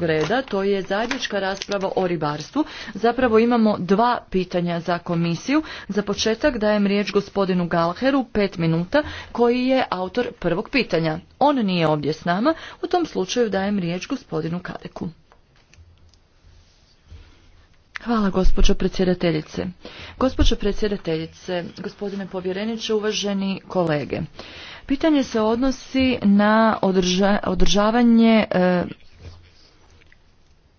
reda, to je zajednička rasprava o ribarstvu. Zapravo imamo dva pitanja za komisiju. Za početak dajem riječ gospodinu Galheru, pet minuta, koji je autor prvog pitanja. On nije ovdje s nama, u tom slučaju dajem riječ gospodinu Kadeku. Hvala gospođo predsjedateljice. Gospođo predsjedateljice, gospodine povjereniče, uvaženi kolege. Pitanje se odnosi na održavanje e,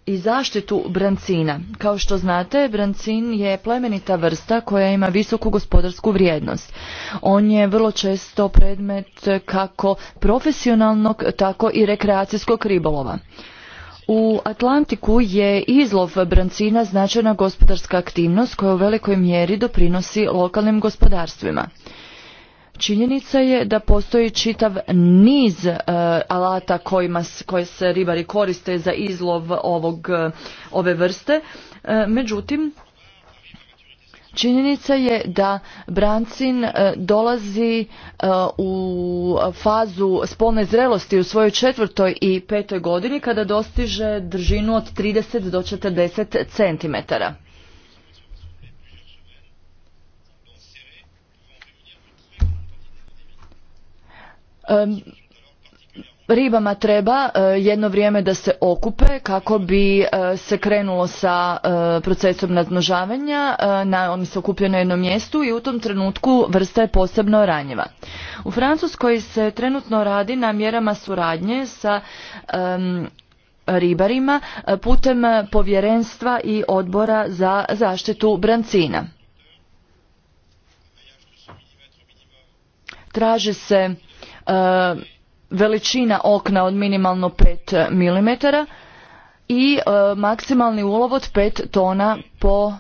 i zaštitu brancina. Kao što znate, brancin je plemenita vrsta koja ima visoku gospodarsku vrijednost. On je vrlo često predmet kako profesionalnog, tako i rekreacijskog ribolova. U Atlantiku je izlov brancina značajna gospodarska aktivnost koja u velikoj mjeri doprinosi lokalnim gospodarstvima. Činjenica je da postoji čitav niz e, alata kojima, koje se ribari koriste za izlov ovog, e, ove vrste, e, međutim Činjenica je da brancin dolazi u fazu spolne zrelosti u svojoj četvrtoj i petoj godini kada dostiže držinu od 30 do 40 centimetara. ribama treba e, jedno vrijeme da se okupe kako bi e, se krenulo sa e, procesom nadmnožavanja na, oni se na jednom mjestu i u tom trenutku vrsta je posebno ranjiva u francuskoj se trenutno radi na mjerama suradnje sa ribarima putem povjerenstva i odbora za zaštitu brancina Traže se E, veličina okna od minimalno 5 e, mm i e, maksimalni ulov od 5 tona po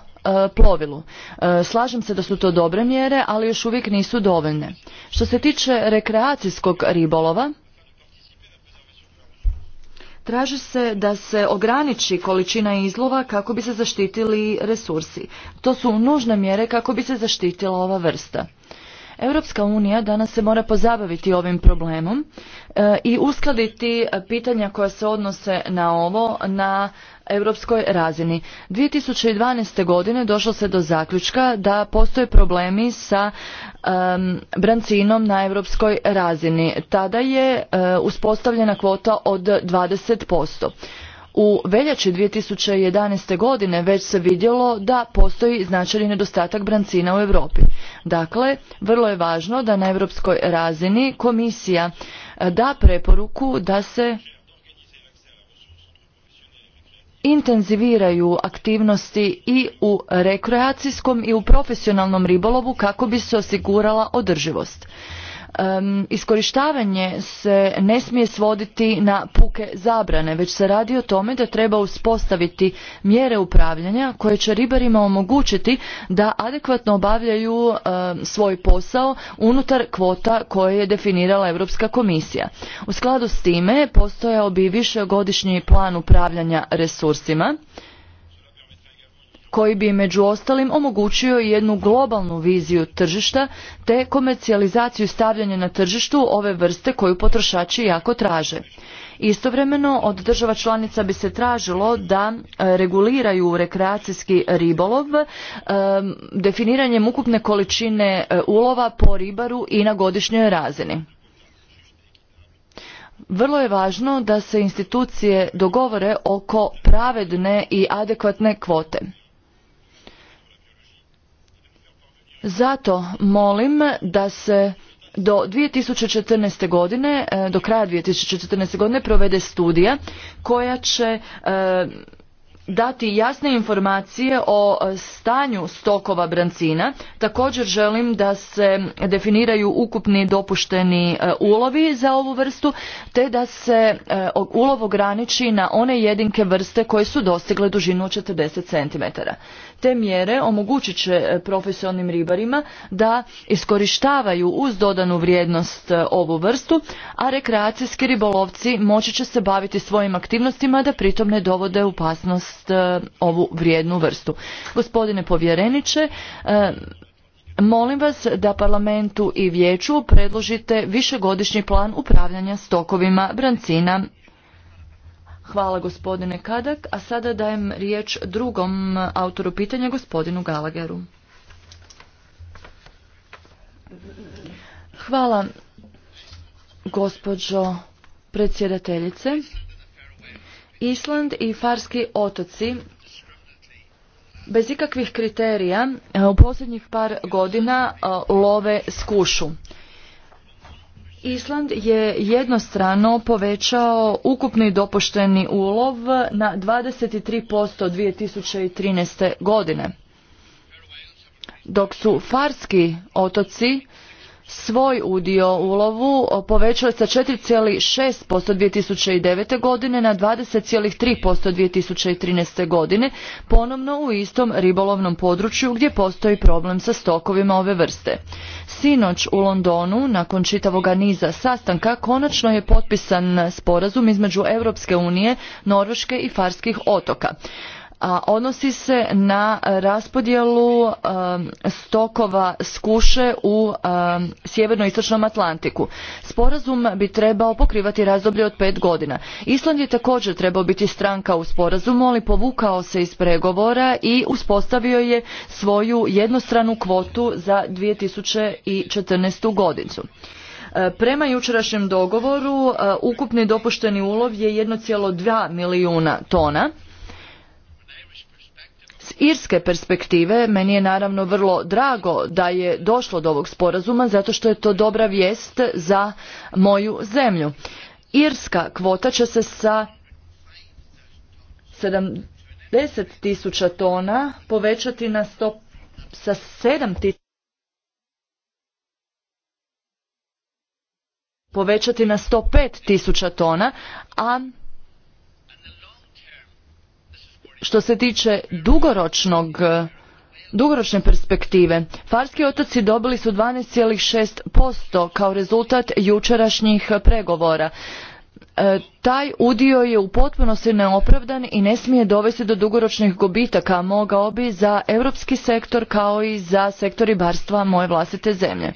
plovilu. Slažem se da su to dobre mjere, ali još uvijek nisu dovoljne. Što se tiče rekreacijskog ribolova, Traži se da se ograniči količina izlova kako bi se zaštitili resursi. To su nužne mjere kako bi se zaštitila ova vrsta. Europska unija danas se mora pozabaviti ovim problemom e, i uskladiti e, pitanja koja se odnose na ovo na europskoj razini. 2012. godine došlo se do zaključka da postoje problemi sa brancinom na europskoj razini. Tada je e, uspostavljena kvota od 20%. U veljači 2011. godine već se vidjelo da postoji značajni nedostatak brancina u Europi. Dakle, vrlo je važno da na europskoj razini komisija e, da preporuku da se intenziviraju aktivnosti i u rekreacijskom i u profesionalnom ribolovu kako bi se osigurala održivost. Um, iskorištavanje se ne smije svoditi na puke zabrane, već se radi o tome da treba uspostaviti mjere upravljanja koje će ribarima omogućiti da adekvatno obavljaju svoj posao unutar kvota koje je definirala Europska komisija. U skladu s time postojao bi višegodišnji plan upravljanja resursima koji bi među ostalim omogućio jednu globalnu viziju tržišta te komercijalizaciju stavljanja na tržištu ove vrste koju potrošači jako traže. Istovremeno od država članica bi se tražilo da e, reguliraju rekreacijski ribolov e, definiranjem ukupne količine e, ulova po ribaru i na godišnjoj razini. Vrlo je važno da se institucije dogovore oko pravedne i adekvatne kvote. Zato molim da se do 2014. godine, e, do kraja 2014. godine provede studija koja će e, dati jasne informacije o e, stanju stokova brancina. Također želim da se definiraju ukupni dopušteni ulovi za ovu vrstu, te da se ulov ograniči na one jedinke vrste koje su dostigle dužinu od 40 cm. Te mjere omogućit će e, profesionalnim ribarima da iskorištavaju uz dodanu vrijednost e, ovu vrstu, a rekreacijski ribolovci moći će se baviti svojim aktivnostima da pritom ne dovode u opasnost e, ovu vrijednu vrstu. Gospodine povjereniče, Molim vas da parlamentu i vijeću predložite višegodišnji plan upravljanja stokovima brancina Hvala gospodine Kadak, a sada dajem riječ drugom autoru pitanja, gospodinu Galageru. Hvala gospođo predsjedateljice. Island i Farski otoci bez ikakvih kriterija u posljednjih par godina love skušu. Island je jednostrano povećao ukupni dopušteni ulov na 23% 2013. godine, dok su Farski otoci svoj udio u ulovu povećao sa 4,6% 2009. godine na 20,3% 2013. godine, ponovno u istom ribolovnom području gdje postoji problem sa stokovima ove vrste. Sinoć u Londonu, nakon čitavoga niza sastanka, konačno je potpisan sporazum između Europske unije, Norveške i Farskih otoka a odnosi se na raspodjelu um, stokova skuše u um, sjeverno-istočnom Atlantiku. Sporazum bi trebao pokrivati razdoblje od pet godina. Island je također trebao biti stranka u sporazumu, ali povukao se iz pregovora i uspostavio je svoju jednostranu kvotu za 2014. godinu. E, prema jučerašnjem dogovoru e, ukupni dopušteni ulov je 1,2 milijuna tona irske perspektive meni je naravno vrlo drago da je došlo do ovog sporazuma zato što je to dobra vijest za moju zemlju. Irska kvota će se sa 70 tisuća tona povećati na 100, sa tisuća povećati na 105 tisuća tona, a što se tiče dugoročnog dugoročne perspektive farski otoci dobili su 12,6% kao rezultat jučerašnjih pregovora E, taj udio je u potpunosti neopravdan i ne smije dovesti do dugoročnih gubitaka mogao bi za europski sektor kao i za sektor ribarstva moje vlastite zemlje.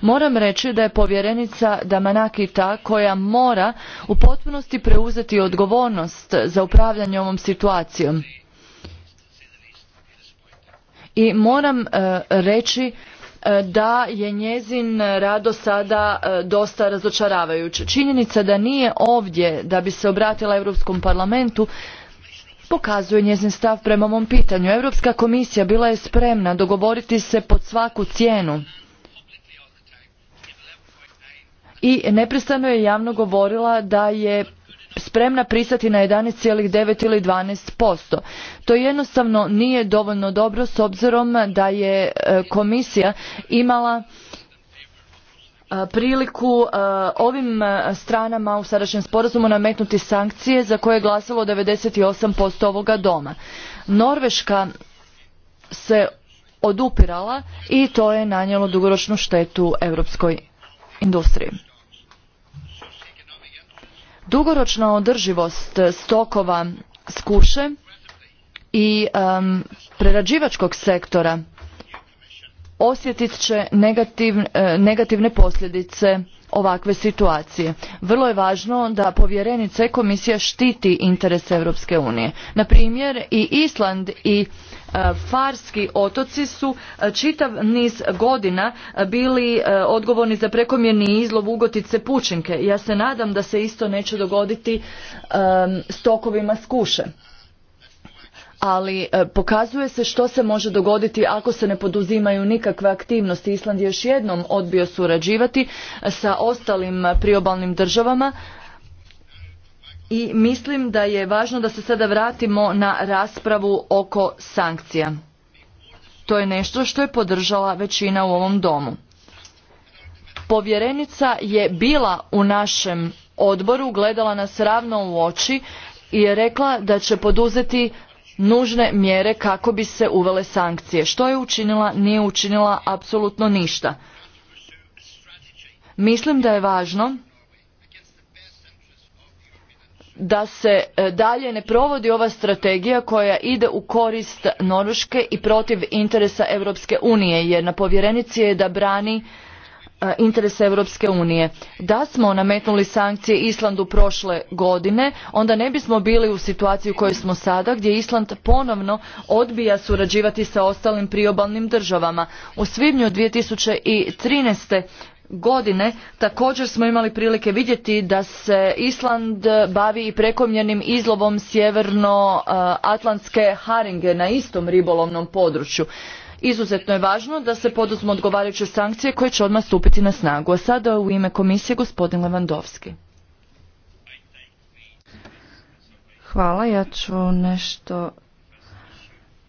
Moram reći da je povjerenica Damanaki ta koja mora u potpunosti preuzeti odgovornost za upravljanje ovom situacijom. I moram e, reći E, da je njezin rad do sada e, dosta razočaravajuć. Činjenica da nije ovdje da bi se obratila Europskom parlamentu pokazuje njezin stav prema mom pitanju. Europska komisija bila je spremna dogovoriti se pod svaku cijenu i neprestano je javno govorila da je spremna pristati na 11,9 ili 12%. To jednostavno nije dovoljno dobro s obzirom da je e, komisija imala e, priliku e, ovim stranama u sadašnjem sporazumu nametnuti sankcije za koje je glasalo 98% ovoga doma. Norveška se odupirala i to je nanijelo dugoročnu štetu europskoj industriji dugoročna održivost stokova skuše i prerađivačkog sektora osjetit će e, negativne, posljedice ovakve situacije. Vrlo je važno da povjerenice komisija štiti interese Europske unije. Na primjer i Island i e, Farski otoci su e, čitav niz godina bili odgovorni za prekomjerni izlov ugotice pučinke. Ja se nadam da se isto neće dogoditi stokovima skuše ali e, pokazuje se što se može dogoditi ako se ne poduzimaju nikakve aktivnosti. Island je još jednom odbio surađivati e, sa ostalim priobalnim državama i mislim da je važno da se sada vratimo na raspravu oko sankcija. To je nešto što je podržala većina u ovom domu. Povjerenica je bila u našem odboru, gledala nas ravno u oči i je rekla da će poduzeti nužne mjere kako bi se uvele sankcije. Što je učinila? Nije učinila apsolutno ništa. Mislim da je važno da se e, dalje ne provodi ova strategija koja ide u korist Norveške i protiv interesa Europske unije jer na povjerenici je da brani E, interese Europske unije. Da smo nametnuli sankcije Islandu prošle godine, onda ne bismo bili u situaciji u kojoj smo sada, gdje Island ponovno odbija surađivati sa ostalim priobalnim državama. U svibnju 2013 godine također smo imali prilike vidjeti da se Island bavi i prekomjernim izlovom sjevernoatlantske haringe na istom ribolovnom području. Izuzetno je važno da se poduzmu odgovarajuće sankcije koje će odmah stupiti na snagu. A sada u ime komisije gospodin Levandovski. Hvala, ja ću nešto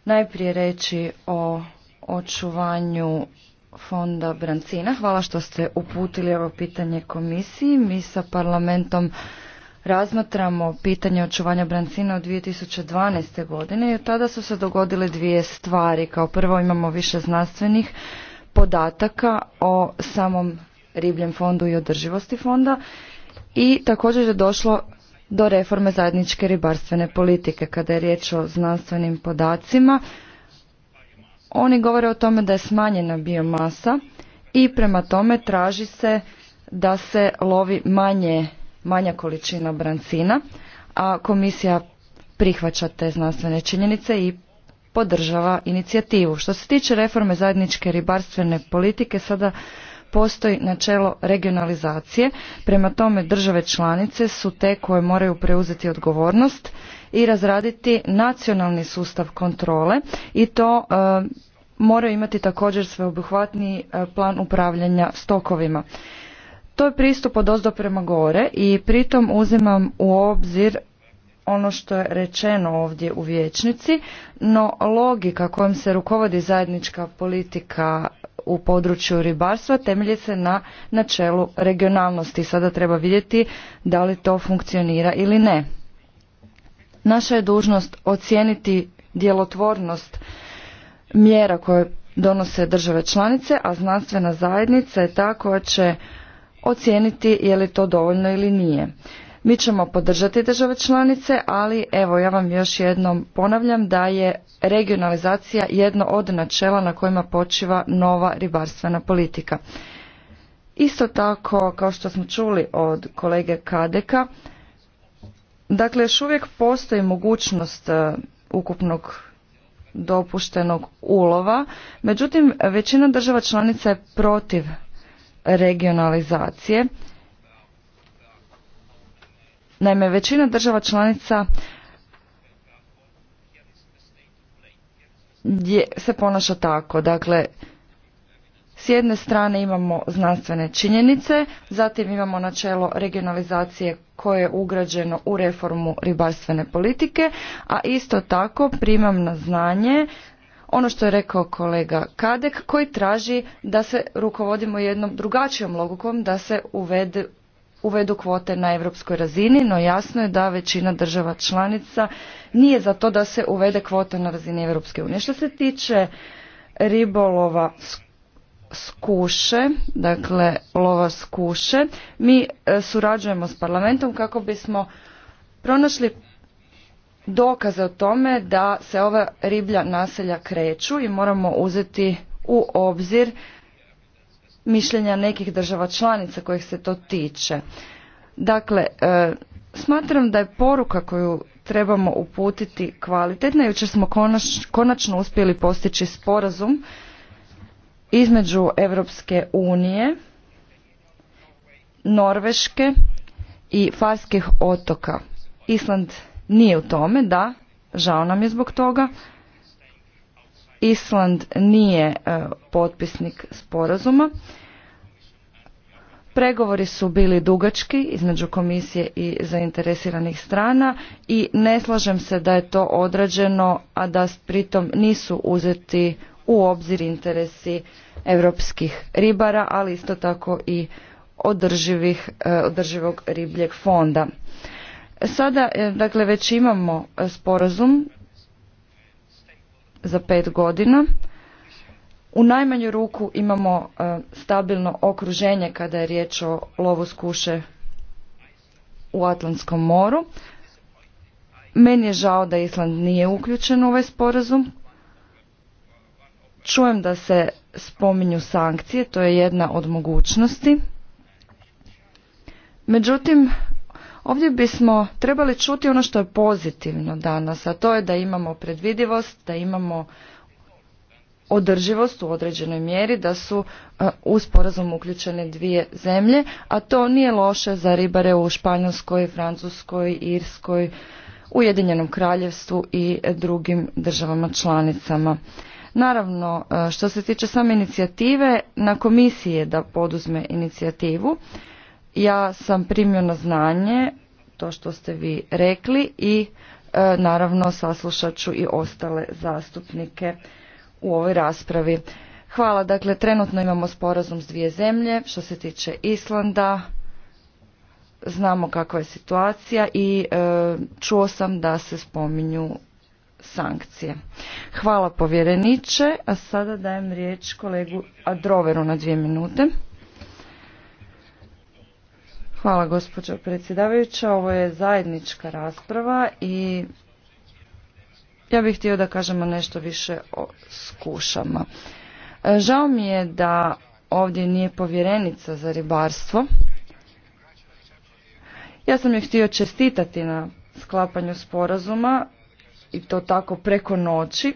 najprije reći o očuvanju fonda Brancina. Hvala što ste uputili ovo pitanje komisiji. Mi sa parlamentom razmatramo pitanje očuvanja brancina od 2012. godine i od tada su se dogodile dvije stvari. Kao prvo imamo više znanstvenih podataka o samom ribljem fondu i održivosti fonda i također je došlo do reforme zajedničke ribarstvene politike. Kada je riječ o znanstvenim podacima, oni govore o tome da je smanjena biomasa i prema tome traži se da se lovi manje manja količina brancina, a komisija prihvaća te znanstvene činjenice i podržava inicijativu. Što se tiče reforme zajedničke ribarstvene politike, sada postoji načelo regionalizacije. Prema tome države članice su te koje moraju preuzeti odgovornost i razraditi nacionalni sustav kontrole i to e, moraju imati također sveobuhvatni e, plan upravljanja stokovima. To je pristup od ozdo prema gore i pritom uzimam u obzir ono što je rečeno ovdje u vječnici, no logika kojom se rukovodi zajednička politika u području ribarstva temelji se na načelu regionalnosti. Sada treba vidjeti da li to funkcionira ili ne. Naša je dužnost ocijeniti djelotvornost mjera koje donose države članice, a znanstvena zajednica je ta koja će ocijeniti je li to dovoljno ili nije. Mi ćemo podržati države članice, ali evo ja vam još jednom ponavljam da je regionalizacija jedno od načela na kojima počiva nova ribarstvena politika. Isto tako, kao što smo čuli od kolege Kadeka, dakle još uvijek postoji mogućnost e, ukupnog dopuštenog ulova, međutim većina država članica je protiv regionalizacije. Naime, većina država članica se ponaša tako. Dakle, s jedne strane imamo znanstvene činjenice, zatim imamo načelo regionalizacije koje je ugrađeno u reformu ribarstvene politike, a isto tako primam na znanje ono što je rekao kolega Kadek koji traži da se rukovodimo jednom drugačijom logikom da se uvedu kvote na europskoj razini, no jasno je da većina država članica nije za to da se uvede kvote na razini Evropske unije. Što se tiče ribolova skuše, dakle lova skuše, mi e, surađujemo s parlamentom kako bismo pronašli dokaze o tome da se ova riblja naselja kreću i moramo uzeti u obzir mišljenja nekih država članica kojih se to tiče. Dakle, e, smatram da je poruka koju trebamo uputiti kvalitetna. Jučer smo konačno uspjeli postići sporazum između Europske unije, Norveške i Farskih otoka. Island nije u tome, da, žao nam je zbog toga. Island nije e, potpisnik sporazuma. Pregovori su bili dugački između komisije i zainteresiranih strana i ne slažem se da je to odrađeno, a da pritom nisu uzeti u obzir interesi europskih ribara, ali isto tako i održivih, e, održivog ribljeg fonda. Sada, e, dakle, već imamo e, sporazum za pet godina. U najmanju ruku imamo e, stabilno okruženje kada je riječ o lovu skuše u Atlantskom moru. Meni je žao da Island nije uključen u ovaj sporazum. Čujem da se spominju sankcije, to je jedna od mogućnosti. Međutim, Ovdje bismo trebali čuti ono što je pozitivno danas, a to je da imamo predvidivost, da imamo održivost u određenoj mjeri, da su e, u sporazum uključene dvije zemlje, a to nije loše za ribare u Španjolskoj, Francuskoj, Irskoj, Ujedinjenom kraljevstvu i drugim državama članicama. Naravno, e, što se tiče same inicijative, na komisiji je da poduzme inicijativu. Ja sam primio na znanje to što ste vi rekli i e, naravno saslušat ću i ostale zastupnike u ovoj raspravi. Hvala, dakle trenutno imamo sporazum s dvije zemlje što se tiče Islanda, znamo kakva je situacija i e, čuo sam da se spominju sankcije. Hvala povjereniče, a sada dajem riječ kolegu Adroveru na dvije minute. Hvala gospođo predsjedavajuća. Ovo je zajednička rasprava i ja bih htio da kažemo nešto više o skušama. Žao mi je da ovdje nije povjerenica za ribarstvo. Ja sam je htio čestitati na sklapanju sporazuma i to tako preko noći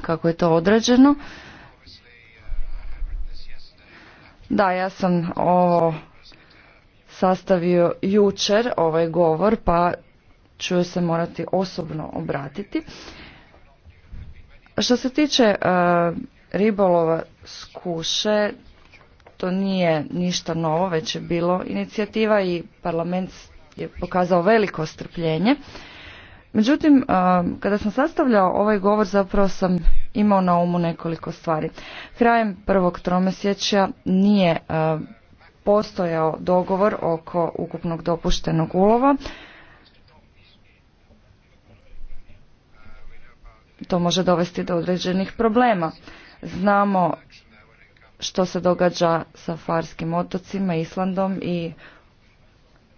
kako je to odrađeno. Da, ja sam ovo sastavio jučer ovaj govor, pa ću se morati osobno obratiti. Što se tiče e, ribolova skuše, to nije ništa novo, već je bilo inicijativa i parlament je pokazao veliko strpljenje. Međutim, e, kada sam sastavljao ovaj govor, zapravo sam imao na umu nekoliko stvari. Krajem prvog tromesjeća nije e, postojao dogovor oko ukupnog dopuštenog ulova. To može dovesti do određenih problema. Znamo što se događa sa Farskim otocima, Islandom i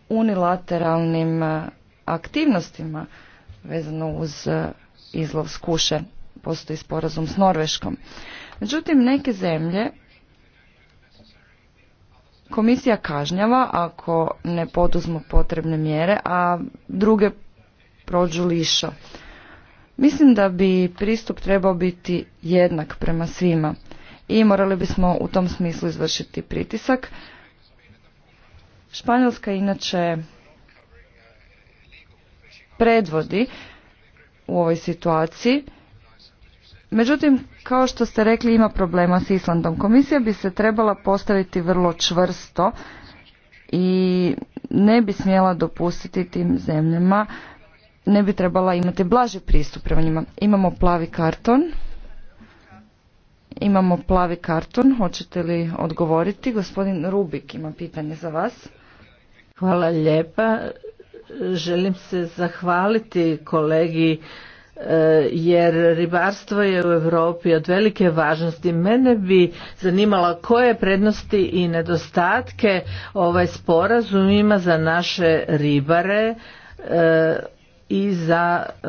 unilateralnim e, aktivnostima vezano uz e, izlov skuše. Postoji sporazum s Norveškom. Međutim, neke zemlje Komisija kažnjava ako ne poduzmu potrebne mjere, a druge prođu lišo. Mislim da bi pristup trebao biti jednak prema svima i morali bismo u tom smislu izvršiti pritisak. Španjolska inače predvodi u ovoj situaciji Međutim, kao što ste rekli, ima problema s Islandom. Komisija bi se trebala postaviti vrlo čvrsto i ne bi smjela dopustiti tim zemljama, ne bi trebala imati blaži pristup prema njima. Imamo plavi karton. Imamo plavi karton. Hoćete li odgovoriti? Gospodin Rubik ima pitanje za vas. Hvala lijepa. Želim se zahvaliti kolegi jer ribarstvo je u Europi od velike važnosti. Mene bi zanimalo koje prednosti i nedostatke ovaj sporazum ima za naše ribare e, i za e,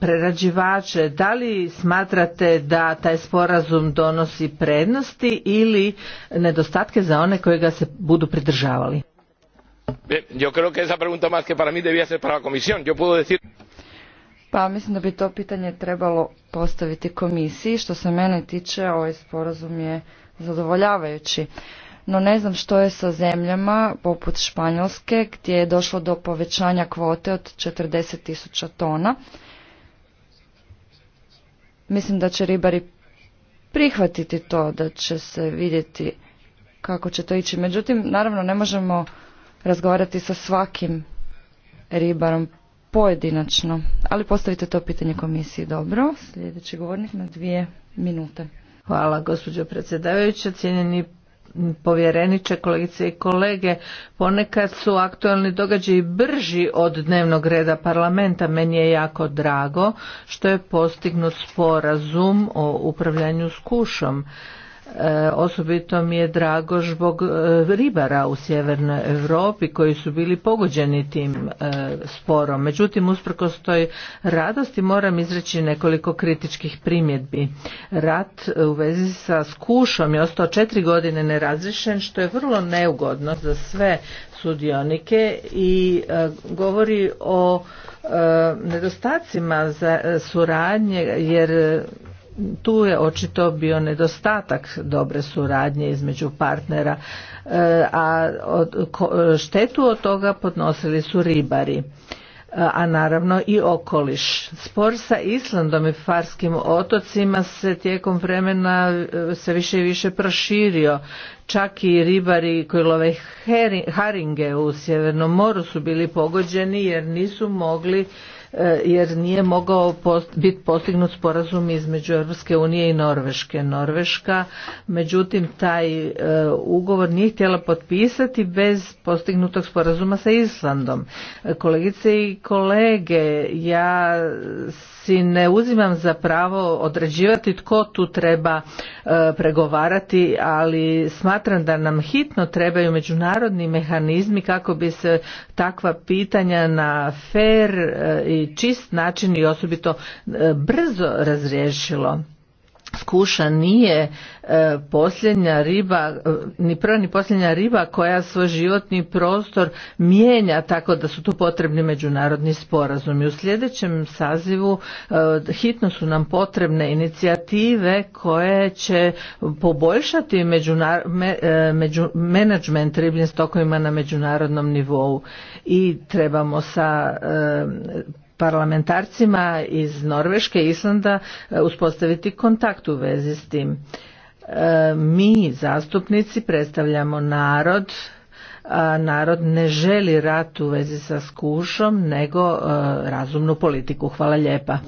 prerađivače. Da li smatrate da taj sporazum donosi prednosti ili nedostatke za one koji ga se budu pridržavali? yo creo que esa pregunta más que para mí debía ser para la comisión. yo puedo decir pa mislim da bi to pitanje trebalo postaviti komisiji. Što se mene tiče, ovaj sporazum je zadovoljavajući. No ne znam što je sa zemljama poput Španjolske gdje je došlo do povećanja kvote od 40 tisuća tona. Mislim da će ribari prihvatiti to, da će se vidjeti kako će to ići. Međutim, naravno ne možemo razgovarati sa svakim ribarom pojedinačno, ali postavite to pitanje komisiji. Dobro, sljedeći govornik na dvije minute. Hvala gospođo predsjedavajuća, cijenjeni povjereniče, kolegice i kolege. Ponekad su aktualni događaji brži od dnevnog reda parlamenta. Meni je jako drago što je postignut sporazum o upravljanju s kušom. E, osobito mi je drago zbog e, ribara u sjevernoj Europi koji su bili pogođeni tim e, sporom. Međutim, usprkos toj radosti moram izreći nekoliko kritičkih primjedbi. Rat u vezi sa skušom je ostao četiri godine nerazrišen što je vrlo neugodno za sve sudionike i govori o nedostacima za suradnje jer tu je očito bio nedostatak dobre suradnje između partnera, e, a štetu od toga podnosili su ribari e, a naravno i okoliš. Spor sa Islandom i Farskim otocima se tijekom vremena e, se više i više proširio. Čak i ribari koji love haringe u Sjevernom moru su bili pogođeni jer nisu mogli E, jer nije mogao biti postignut sporazum između Europske unije i Norveške. Norveška, međutim, taj e, ugovor nije htjela potpisati bez postignutog sporazuma sa Islandom. E, kolegice i kolege, ja si ne uzimam za pravo određivati tko tu treba e, pregovarati, ali smatram da nam hitno trebaju međunarodni mehanizmi kako bi se takva pitanja na fer e, i čist način i osobito e, brzo razriješilo kuša nije e, posljednja riba, e, ni prva ni posljednja riba koja svoj životni prostor mijenja tako da su tu potrebni međunarodni sporazumi. U sljedećem sazivu e, hitno su nam potrebne inicijative koje će poboljšati međunar, me, menadžment ribljim stokovima na međunarodnom nivou i trebamo sa parlamentarcima iz Norveške i Islanda e, uspostaviti kontakt u vezi s tim. E, mi zastupnici predstavljamo narod, narod ne želi rat u vezi sa skušom nego e, razumnu politiku. Hvala lijepa.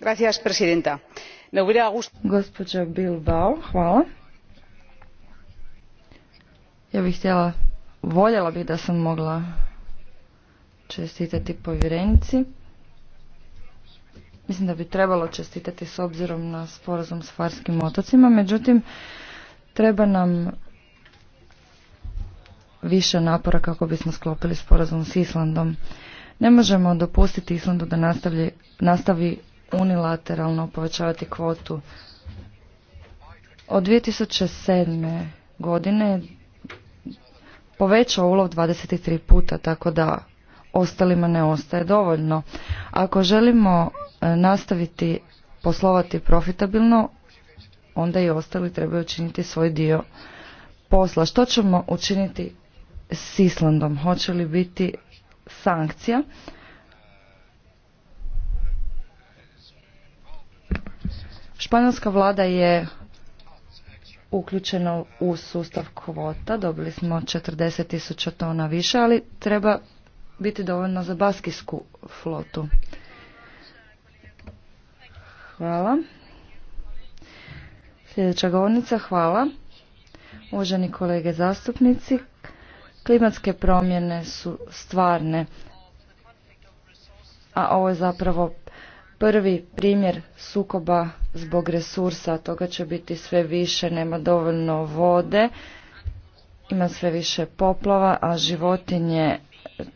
Gracias, presidenta. Me Gospođa Bilbao, hvala. Ja bih htjela, voljela bih da sam mogla čestitati povjerenici. Mislim da bi trebalo čestitati s obzirom na sporazum s Farskim otocima, međutim treba nam više napora kako bismo sklopili sporazum s Islandom. Ne možemo dopustiti Islandu da nastavi unilateralno povećavati kvotu. Od 2007. godine povećao ulov 23 puta, tako da ostalima ne ostaje dovoljno. Ako želimo e, nastaviti poslovati profitabilno, onda i ostali trebaju učiniti svoj dio posla. Što ćemo učiniti s Islandom? Hoće li biti sankcija? Španjolska vlada je uključena u sustav kvota, dobili smo 40.000 tona više, ali treba biti dovoljno za baskijsku flotu. Hvala. Sljedeća govornica, hvala. Uvaženi kolege zastupnici, klimatske promjene su stvarne, a ovo je zapravo prvi primjer sukoba zbog resursa, toga će biti sve više, nema dovoljno vode, ima sve više poplova, a životinje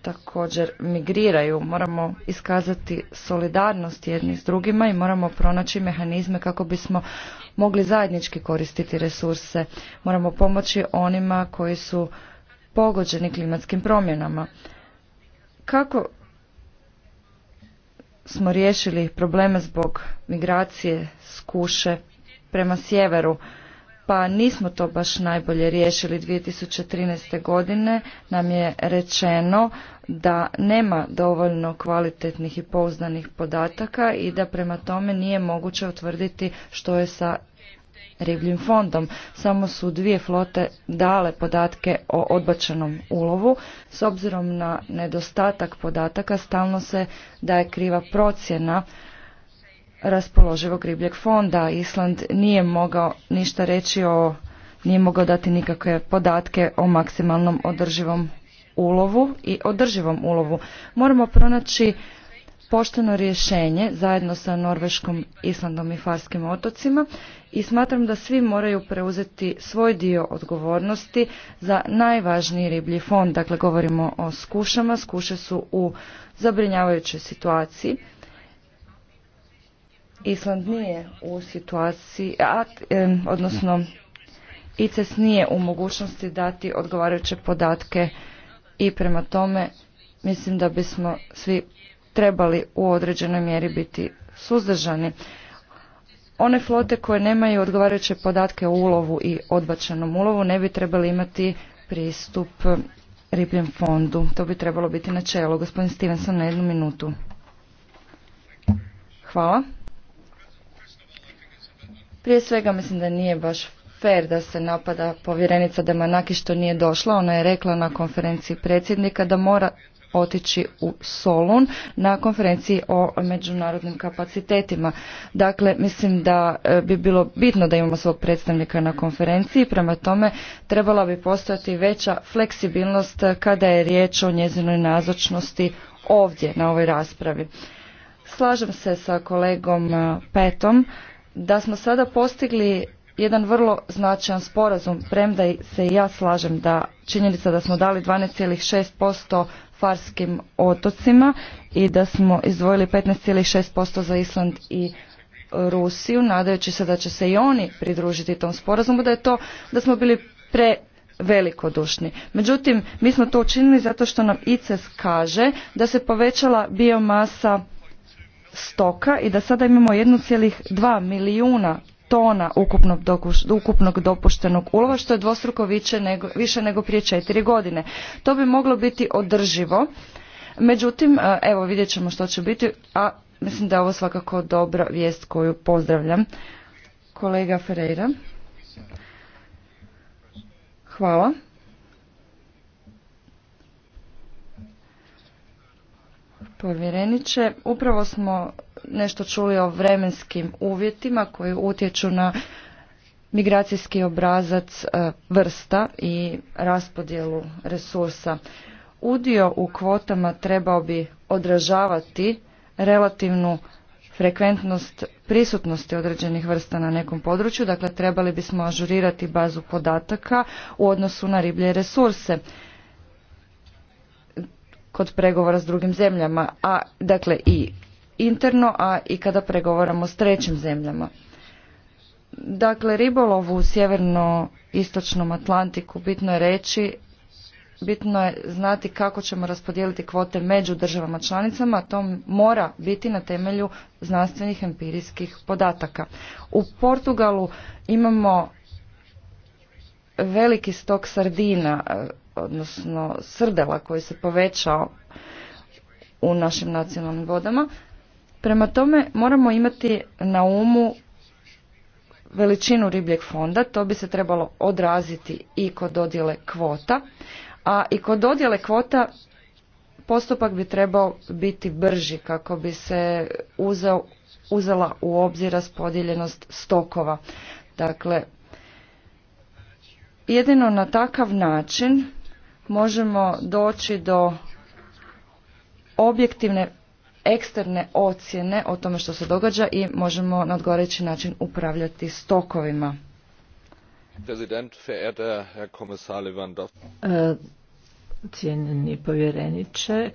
također migriraju. Moramo iskazati solidarnost jedni s drugima i moramo pronaći mehanizme kako bismo mogli zajednički koristiti resurse. Moramo pomoći onima koji su pogođeni klimatskim promjenama. Kako smo riješili probleme zbog migracije skuše kuše prema sjeveru? pa nismo to baš najbolje riješili 2013. godine nam je rečeno da nema dovoljno kvalitetnih i pouzdanih podataka i da prema tome nije moguće utvrditi što je sa ribljim fondom. Samo su dvije flote dale podatke o odbačenom ulovu. S obzirom na nedostatak podataka stalno se daje kriva procjena raspoloživog ribljeg fonda. Island nije mogao ništa reći o, nije mogao dati nikakve podatke o maksimalnom održivom ulovu i održivom ulovu. Moramo pronaći pošteno rješenje zajedno sa Norveškom, Islandom i Farskim otocima i smatram da svi moraju preuzeti svoj dio odgovornosti za najvažniji riblji fond. Dakle, govorimo o skušama. Skuše su u zabrinjavajućoj situaciji. Island nije u situaciji, a, odnosno ICES nije u mogućnosti dati odgovarajuće podatke i prema tome mislim da bismo svi trebali u određenoj mjeri biti suzdržani. One flote koje nemaju odgovarajuće podatke o ulovu i odbačenom ulovu ne bi trebali imati pristup ribljem fondu. To bi trebalo biti načelo. Gospodin Stevenson na jednu minutu. Hvala. Prije svega mislim da nije baš fer da se napada povjerenica Manaki što nije došla. Ona je rekla na konferenciji predsjednika da mora otići u Solun na konferenciji o međunarodnim kapacitetima. Dakle, mislim da e, bi bilo bitno da imamo svog predstavnika na konferenciji, prema tome trebala bi postojati veća fleksibilnost kada je riječ o njezinoj nazočnosti ovdje na ovoj raspravi. Slažem se sa kolegom e, Petom da smo sada postigli jedan vrlo značajan sporazum, premda se i ja slažem da činjenica da smo dali 12,6% farskim otocima i da smo izdvojili 15,6% za Island i Rusiju, nadajući se da će se i oni pridružiti tom sporazumu, da je to, da smo bili pre velikodušni. Međutim, mi smo to učinili zato što nam ICES kaže da se povećala biomasa stoka i da sada imamo 1,2 milijuna tona ukupnog, dopuštenog ulova što je dvostruko više nego, više nego prije četiri godine. To bi moglo biti održivo. Međutim, e, evo vidjet ćemo što će biti, a mislim da je ovo svakako dobra vijest koju pozdravljam. Kolega Ferreira. Hvala. povjereniče. Upravo smo nešto čuli o vremenskim uvjetima koji utječu na migracijski obrazac e, vrsta i raspodjelu resursa. Udio u kvotama trebao bi odražavati relativnu frekventnost prisutnosti određenih vrsta na nekom području, dakle trebali bismo ažurirati bazu podataka u odnosu na riblje resurse kod pregovora s drugim zemljama, a dakle i interno, a i kada pregovaramo s trećim zemljama. Dakle, ribolov u sjeverno-istočnom Atlantiku bitno je reći, bitno je znati kako ćemo raspodijeliti kvote među državama članicama, a to mora biti na temelju znanstvenih empirijskih podataka. U Portugalu imamo veliki stok sardina, odnosno srdela koji se povećao u našim nacionalnim vodama. Prema tome moramo imati na umu veličinu ribljeg fonda, to bi se trebalo odraziti i kod dodjele kvota, a i kod dodjele kvota postupak bi trebao biti brži kako bi se uzeo, uzela u obzir raspodijeljenost stokova. Dakle, jedino na takav način možemo doći do objektivne eksterne ocjene o tome što se događa i možemo na odgovarajući način upravljati stokovima. E, cijenjeni povjereniče,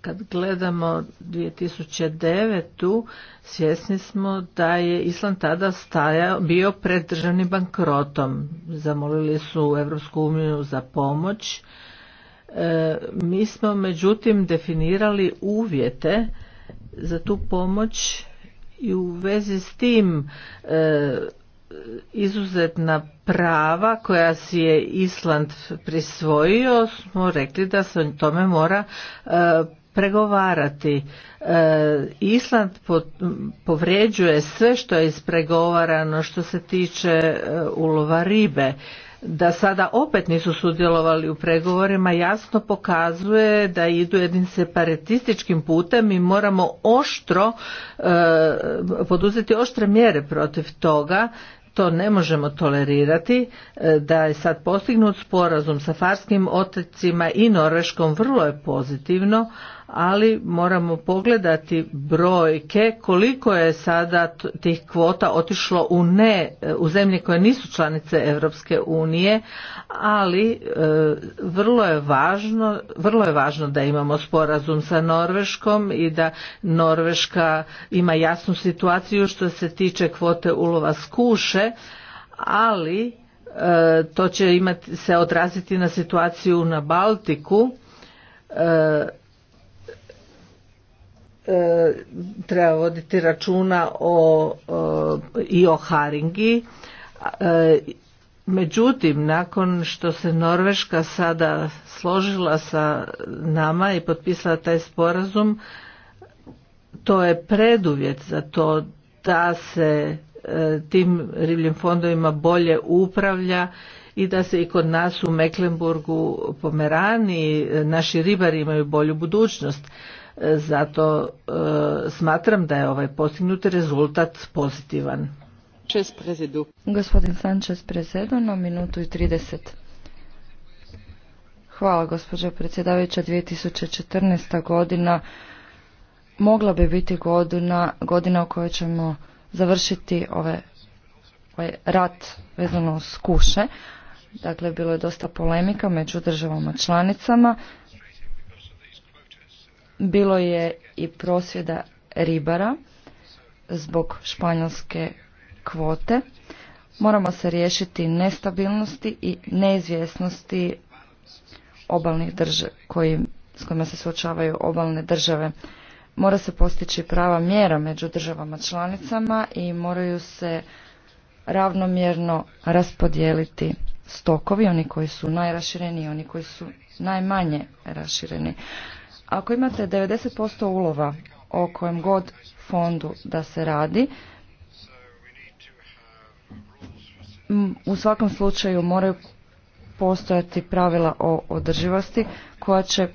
kad gledamo 2009. svjesni smo da je Island tada stajao, bio pred državnim bankrotom. Zamolili su Europsku uniju za pomoć. E, mi smo međutim definirali uvjete za tu pomoć i u vezi s tim e, izuzetna prava koja si je Island prisvojio smo rekli da se o tome mora e, pregovarati. E, Island povređuje sve što je ispregovarano što se tiče e, ulova ribe. Da sada opet nisu sudjelovali u pregovorima jasno pokazuje da idu jednim separatističkim putem i moramo oštro e, poduzeti oštre mjere protiv toga to ne možemo tolerirati da je sad postignut sporazum sa farskim otecima i norveškom vrlo je pozitivno ali moramo pogledati brojke koliko je sada tih kvota otišlo u ne u zemlje koje nisu članice Europske unije, ali e, vrlo je važno vrlo je važno da imamo sporazum sa Norveškom i da Norveška ima jasnu situaciju što se tiče kvote ulova skuše, ali e, to će imati se odraziti na situaciju na Baltiku e, E, treba voditi računa o, i o Haringi. E, međutim, nakon što se Norveška sada složila sa nama i potpisala taj sporazum, to je preduvjet za to da se e, tim ribljim fondovima bolje upravlja i da se i kod nas u Mecklenburgu pomerani naši ribari imaju bolju budućnost zato e, smatram da je ovaj postignut rezultat pozitivan. Gospodin Sanchez Prezedo na minutu i 30. Hvala gospođo predsjedavajuća. 2014. godina mogla bi biti godina, godina u kojoj ćemo završiti ove, ovaj rat vezano uz kuše. Dakle, bilo je dosta polemika među državama članicama. Bilo je i prosvjeda ribara zbog španjolske kvote. Moramo se riješiti nestabilnosti i neizvjesnosti obalnih država s kojima se suočavaju obalne države. Mora se postići prava mjera među državama članicama i moraju se ravnomjerno raspodijeliti stokovi, oni koji su najrašireniji i oni koji su najmanje rašireni. Ako imate 90% ulova o kojem god fondu da se radi, u svakom slučaju moraju postojati pravila o održivosti koja će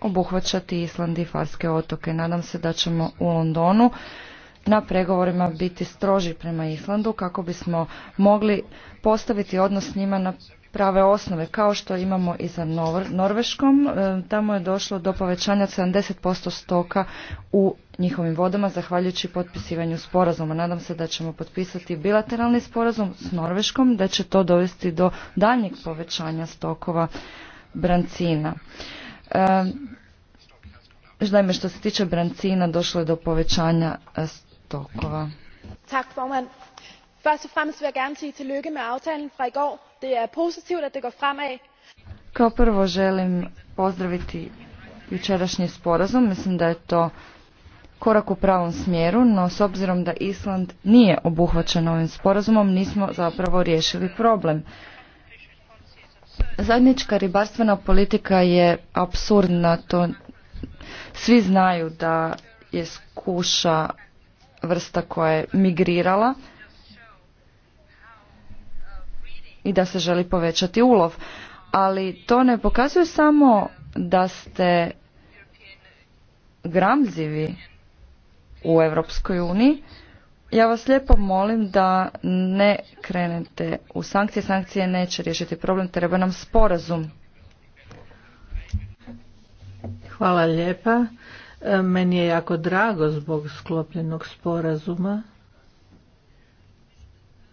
obuhvaćati Island i Farske otoke. Nadam se da ćemo u Londonu na pregovorima biti stroži prema Islandu kako bismo mogli postaviti odnos s njima na prave osnove, kao što imamo i za Norveškom. E, tamo je došlo do povećanja 70% stoka u njihovim vodama, zahvaljujući potpisivanju sporazuma. Nadam se da ćemo potpisati bilateralni sporazum s Norveškom, da će to dovesti do daljnjeg povećanja stokova brancina. E, naime, što se tiče brancina, došlo je do povećanja stokova først og fremmest vil jeg gerne sige tillykke med aftalen fra det er positivt at det går fremad kao prvo želim pozdraviti jučerašnji sporazum mislim da je to korak u pravom smjeru no s obzirom da island nije obuhvaćen ovim sporazumom nismo zapravo riješili problem zajednička ribarstvena politika je apsurdna to svi znaju da je skuša vrsta koja je migrirala i da se želi povećati ulov. Ali to ne pokazuje samo da ste gramzivi u Europskoj uniji. Ja vas lijepo molim da ne krenete u sankcije. Sankcije neće riješiti problem, treba nam sporazum. Hvala lijepa. E, meni je jako drago zbog sklopljenog sporazuma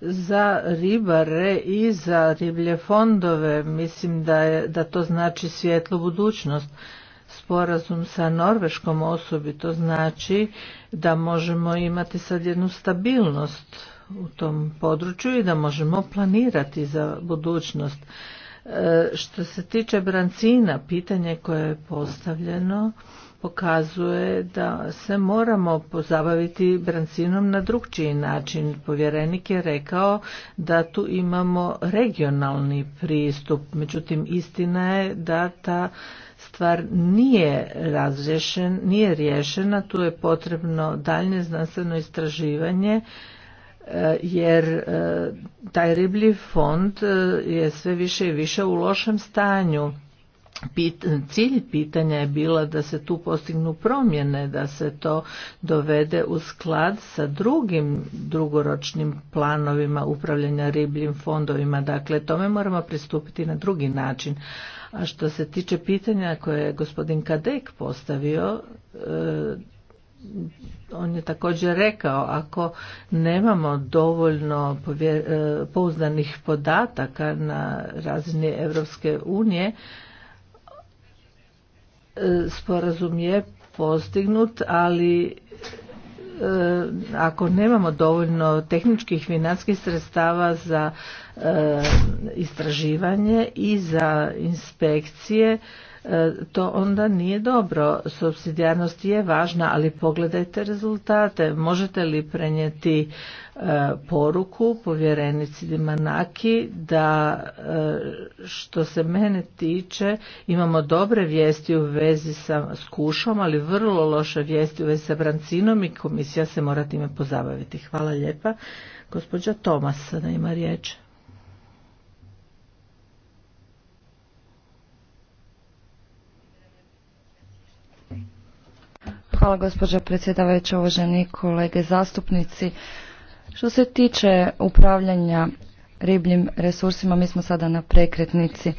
za ribare i za riblje fondove. Mislim da, je, da to znači svjetlu budućnost. Sporazum sa Norveškom osobi to znači da možemo imati sad jednu stabilnost u tom području i da možemo planirati za budućnost. E, što se tiče brancina, pitanje koje je postavljeno, pokazuje da se moramo pozabaviti brancinom na drugčiji način. Povjerenik je rekao da tu imamo regionalni pristup, međutim istina je da ta stvar nije razrješen, nije riješena, tu je potrebno daljnje znanstveno istraživanje e, jer e, taj riblji fond e, je sve više i više u lošem stanju cilj pitanja je bila da se tu postignu promjene, da se to dovede u sklad sa drugim drugoročnim planovima upravljanja ribljim fondovima. Dakle, tome moramo pristupiti na drugi način. A što se tiče pitanja koje je gospodin Kadek postavio, e, on je također rekao ako nemamo dovoljno e, pouzdanih podataka na razini Europske unije sporazum je postignut, ali e, ako nemamo dovoljno tehničkih financijskih sredstava za e, istraživanje i za inspekcije E, to onda nije dobro. Subsidijarnost je važna, ali pogledajte rezultate. Možete li prenijeti e, poruku povjerenici Dimanaki da e, što se mene tiče imamo dobre vijesti u vezi sa skušom, ali vrlo loše vijesti u vezi sa brancinom i komisija se mora time pozabaviti. Hvala lijepa. Gospođa Tomas sada ima riječ. Hvala gospođa predsjedavajuća, uvaženi kolege zastupnici. Što se tiče upravljanja ribljim resursima, mi smo sada na prekretnici.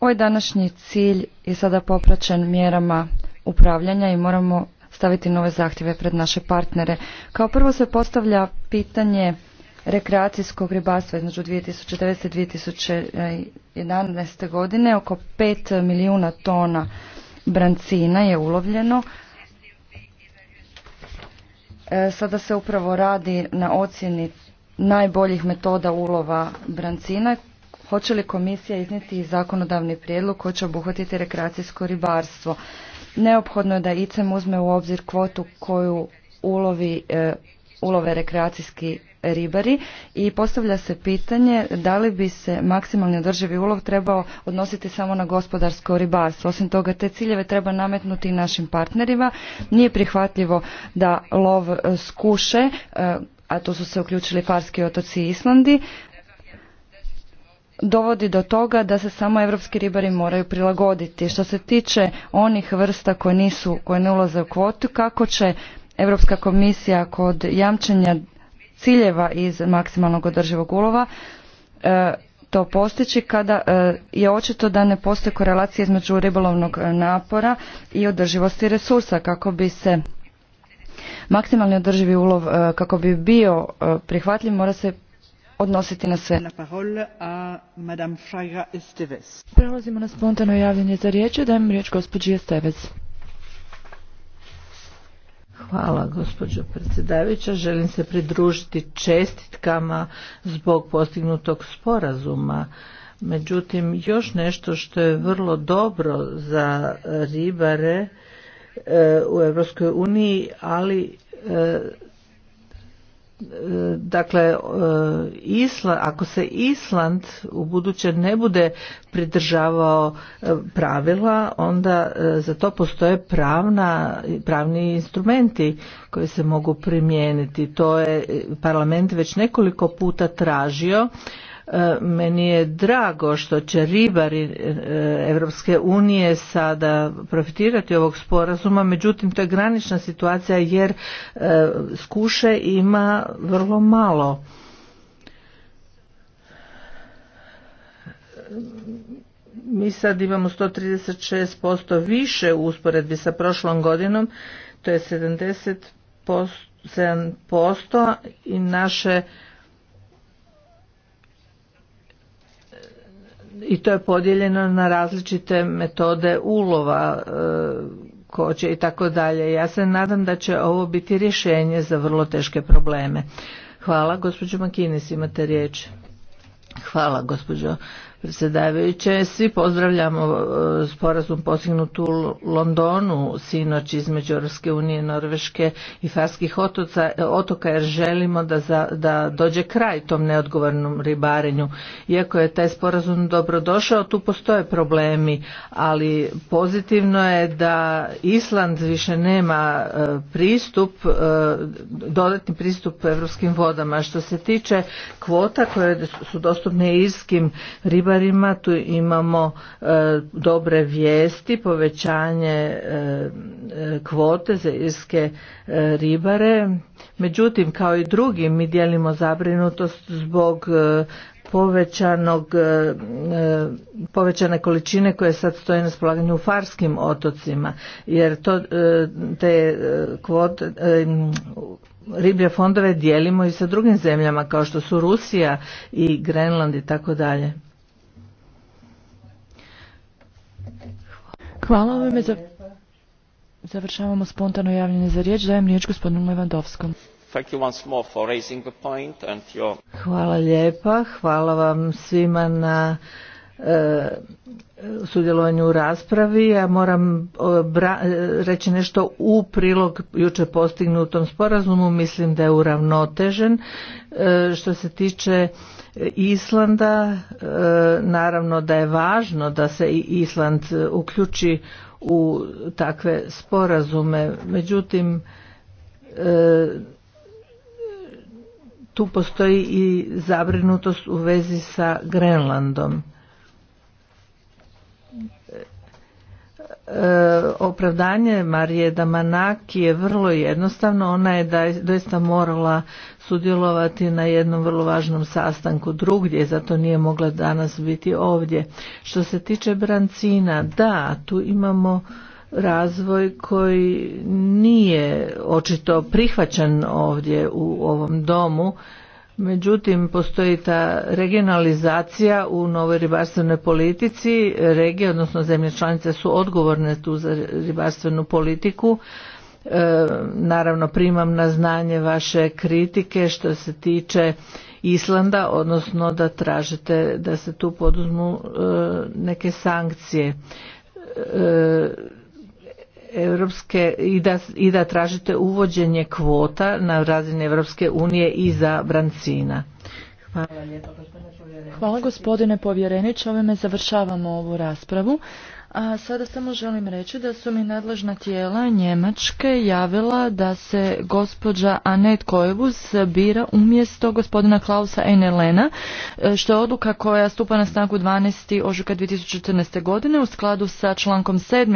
Ovaj današnji cilj je sada popraćen mjerama upravljanja i moramo staviti nove zahtjeve pred naše partnere. Kao prvo se postavlja pitanje rekreacijskog ribarstva između 2009. i 2011. godine. Oko 5 milijuna tona brancina je ulovljeno, E, sada se upravo radi na ocjeni najboljih metoda ulova brancina. Hoće li komisija izniti zakonodavni prijedlog koji će obuhvatiti rekreacijsko ribarstvo? Neophodno je da ICEM uzme u obzir kvotu koju ulovi, e, ulove rekreacijski ribari i postavlja se pitanje da li bi se maksimalni održivi ulov trebao odnositi samo na gospodarsko ribarstvo. Osim toga, te ciljeve treba nametnuti i našim partnerima. Nije prihvatljivo da lov e, skuše, e, a tu su se uključili Farski otoci i Islandi, dovodi do toga da se samo europski ribari moraju prilagoditi. Što se tiče onih vrsta koje nisu, koje ne ulaze u kvotu, kako će Europska komisija kod jamčenja ciljeva iz maksimalnog održivog ulova e, to postići kada e, je očito da ne postoji korelacija između ribolovnog e, napora i održivosti resursa kako bi se maksimalni održivi ulov kako bi bio prihvatljiv mora se odnositi na sve. Prelazimo na spontano javljanje za riječ. Dajem riječ gospođi Estevez. Hvala gospođo predsjedavajuća. Želim se pridružiti čestitkama zbog postignutog sporazuma. Međutim, još nešto što je vrlo dobro za ribare e, u Europskoj uniji, ali e, dakle e, Isla, ako se Island u buduće ne bude pridržavao e, pravila onda e, za to postoje pravna, pravni instrumenti koji se mogu primijeniti to je parlament već nekoliko puta tražio E, meni je drago što će ribari Europske unije sada profitirati ovog sporazuma, međutim to je granična situacija jer e, skuše ima vrlo malo. Mi sad imamo 136% više u usporedbi sa prošlom godinom, to je 70% posto i naše i to je podijeljeno na različite metode ulova e, koće i tako dalje. Ja se nadam da će ovo biti rješenje za vrlo teške probleme. Hvala, gospođo Makinis, imate riječ. Hvala, gospođo predsjedavajuće. Svi pozdravljamo e, sporazum postignut u Londonu sinoć između Europske unije, Norveške i Farskih otoca, e, otoka jer želimo da, da dođe kraj tom neodgovornom ribarenju. Iako je taj sporazum dobrodošao, tu postoje problemi, ali pozitivno je da Island više nema e, pristup, dodatni pristup europskim vodama. Što se tiče kvota koje su dostupne irskim ribarima, rima Tu imamo e, dobre vijesti, povećanje e, kvote za irske e, ribare. Međutim, kao i drugi, mi dijelimo zabrinutost zbog povećanog, povećane količine koje sad stoje na spolaganju u farskim otocima, jer to te kvote, riblje fondove dijelimo i sa drugim zemljama kao što su Rusija i Grenland i tako dalje. Hvala vam Završavamo spontano javljanje za riječ. Dajem riječ gospodinu Levandovskom. Hvala lijepa. Hvala vam svima na e, sudjelovanju u raspravi. Ja moram e, e, reći nešto u prilog juče postignutom sporazumu. Mislim da je uravnotežen. što se tiče Islanda. E, naravno da je važno da se i Island e, uključi u takve sporazume. Međutim, e, tu postoji i zabrinutost u vezi sa Grenlandom. E, opravdanje Marije Damanaki je vrlo jednostavno. Ona je doista morala sudjelovati na jednom vrlo važnom sastanku drugdje, zato nije mogla danas biti ovdje. Što se tiče brancina, da, tu imamo razvoj koji nije očito prihvaćen ovdje u ovom domu Međutim, postoji ta regionalizacija u novoj ribarstvenoj politici. Regije, odnosno zemlje članice, su odgovorne tu za ribarstvenu politiku. E, naravno, primam na znanje vaše kritike što se tiče Islanda, odnosno da tražite da se tu poduzmu e, neke sankcije. E, europske i da, i da tražite uvođenje kvota na razini Europske unije i za brancina. Hvala gospodine povjereniče. Hvala gospodine ovime završavamo ovu raspravu. A sada samo želim reći da su mi nadležna tijela Njemačke javila da se gospođa Anet Kojevus bira umjesto gospodina Klausa Enelena, što je odluka koja stupa na snagu 12. ožujka 2014. godine u skladu sa člankom 7.